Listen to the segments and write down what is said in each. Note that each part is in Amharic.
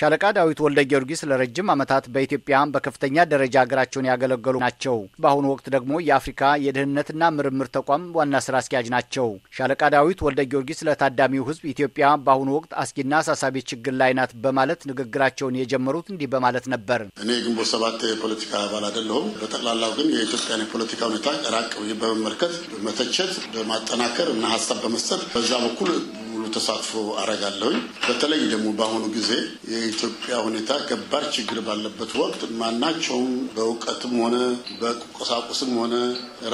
ሻለቃ ዳዊት ወልደ ጊዮርጊስ ለረጅም ዓመታት በኢትዮጵያ በከፍተኛ ደረጃ ሀገራቸውን ያገለገሉ ናቸው። በአሁኑ ወቅት ደግሞ የአፍሪካ የደህንነትና ምርምር ተቋም ዋና ስራ አስኪያጅ ናቸው። ሻለቃ ዳዊት ወልደ ጊዮርጊስ ለታዳሚው ሕዝብ ኢትዮጵያ በአሁኑ ወቅት አስጊና አሳሳቢ ችግር ላይ ናት በማለት ንግግራቸውን የጀመሩት እንዲህ በማለት ነበር። እኔ የግንቦት ሰባት የፖለቲካ አባል አይደለሁም። በጠቅላላው ግን የኢትዮጵያን የፖለቲካ ሁኔታ ራቅ በመመልከት በመተቸት በማጠናከር እና ሀሳብ በመስጠት በዛ በኩል ተሳትፎ አረጋለሁኝ። በተለይ ደግሞ በአሁኑ ጊዜ የኢትዮጵያ ሁኔታ ከባድ ችግር ባለበት ወቅት ማናቸውም በእውቀትም ሆነ በቁሳቁስም ሆነ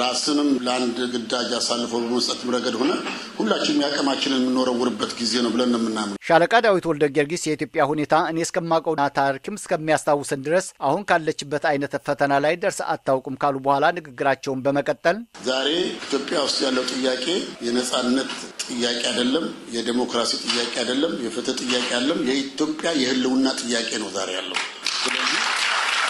ራስንም ለአንድ ግዳጅ አሳልፎ በመስጠትም ረገድ ሆነ ሁላችንም የአቅማችንን የምንወረውርበት ጊዜ ነው ብለን ነው የምናምነው። ሻለቃ ዳዊት ወልደ ጊዮርጊስ የኢትዮጵያ ሁኔታ እኔ እስከማውቀውና ታሪክም እስከሚያስታውሰን ድረስ አሁን ካለችበት አይነት ፈተና ላይ ደርስ አታውቁም ካሉ በኋላ ንግግራቸውን በመቀጠል ዛሬ ኢትዮጵያ ውስጥ ያለው ጥያቄ የነጻነት ጥያቄ አይደለም፣ የዴሞክራሲ ጥያቄ አይደለም፣ የፍትህ ጥያቄ አይደለም፣ የኢትዮጵያ የህልውና ጥያቄ ነው ዛሬ ያለው። ስለዚህ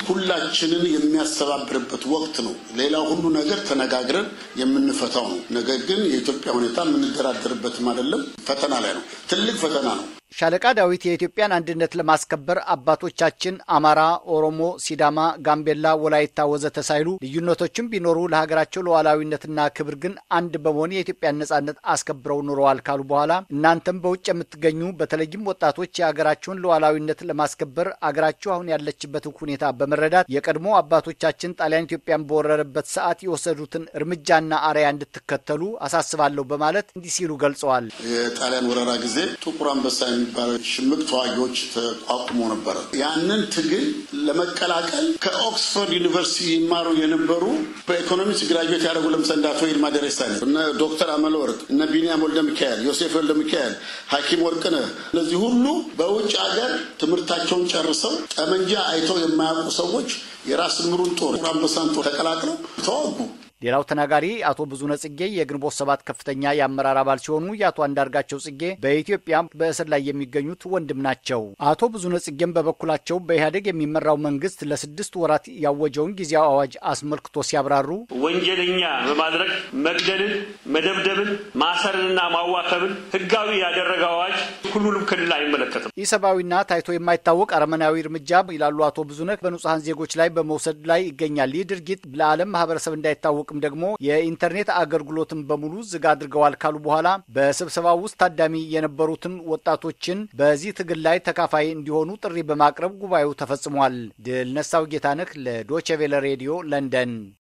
ሁላችንን የሚያስተባብርበት ወቅት ነው። ሌላ ሁሉ ነገር ተነጋግረን የምንፈታው ነው። ነገር ግን የኢትዮጵያ ሁኔታ የምንደራደርበትም አይደለም፣ ፈተና ላይ ነው። ትልቅ ፈተና ነው። ሻለቃ ዳዊት የኢትዮጵያን አንድነት ለማስከበር አባቶቻችን አማራ፣ ኦሮሞ፣ ሲዳማ፣ ጋምቤላ፣ ወላይታ ወዘተ ሳይሉ ልዩነቶችም ቢኖሩ ለሀገራቸው ሉዓላዊነትና ክብር ግን አንድ በመሆን የኢትዮጵያን ነጻነት አስከብረው ኑረዋል ካሉ በኋላ እናንተም በውጭ የምትገኙ በተለይም ወጣቶች የሀገራችሁን ሉዓላዊነት ለማስከበር አገራችሁ አሁን ያለችበትን ሁኔታ በመረዳት የቀድሞ አባቶቻችን ጣሊያን ኢትዮጵያን በወረረበት ሰዓት የወሰዱትን እርምጃና አርያ እንድትከተሉ አሳስባለሁ በማለት እንዲህ ሲሉ ገልጸዋል። የጣሊያን ወረራ ጊዜ ጥቁር አንበሳ የሚባለው ሽምቅ ተዋጊዎች ተቋቁሞ ነበረ። ያንን ትግል ለመቀላቀል ከኦክስፎርድ ዩኒቨርሲቲ ይማሩ የነበሩ በኢኮኖሚክስ ግራጁዌት ያደረጉ ለምሳሌ እንደ አቶ ይልማ ደሬሳ እነ ዶክተር አመለ ወርቅ እነ ቢኒያም ወልደ ሚካኤል፣ ዮሴፍ ወልደ ሚካኤል፣ ሐኪም ወርቅነ እነዚህ ሁሉ በውጭ ሀገር ትምህርታቸውን ጨርሰው ጠመንጃ አይተው የማያውቁ ሰዎች የራስ ምሩን ጦር አንበሳን ጦር ተቀላቅለው ተዋጉ። ሌላው ተናጋሪ አቶ ብዙነ ጽጌ የግንቦት ሰባት ከፍተኛ የአመራር አባል ሲሆኑ የአቶ አንዳርጋቸው ጽጌ በኢትዮጵያ በእስር ላይ የሚገኙት ወንድም ናቸው። አቶ ብዙነ ጽጌም በበኩላቸው በኢህአዴግ የሚመራው መንግስት ለስድስት ወራት ያወጀውን ጊዜያዊ አዋጅ አስመልክቶ ሲያብራሩ ወንጀለኛ በማድረግ መግደልን፣ መደብደብን፣ ማሰርንና ማዋከብን ህጋዊ ያደረገ አዋጅ ሁሉንም ክልል አይመለከትም። ኢሰብአዊና ታይቶ የማይታወቅ አረመናዊ እርምጃ ይላሉ አቶ ብዙነ በንጹሐን ዜጎች ላይ በመውሰድ ላይ ይገኛል። ይህ ድርጊት ለዓለም ማህበረሰብ እንዳይታወቅ በማሳወቅም ደግሞ የኢንተርኔት አገልግሎትን በሙሉ ዝግ አድርገዋል ካሉ በኋላ በስብሰባው ውስጥ ታዳሚ የነበሩትን ወጣቶችን በዚህ ትግል ላይ ተካፋይ እንዲሆኑ ጥሪ በማቅረብ ጉባኤው ተፈጽሟል። ድል ነሳው ጌታነህ ለዶቼ ቬለ ሬዲዮ ለንደን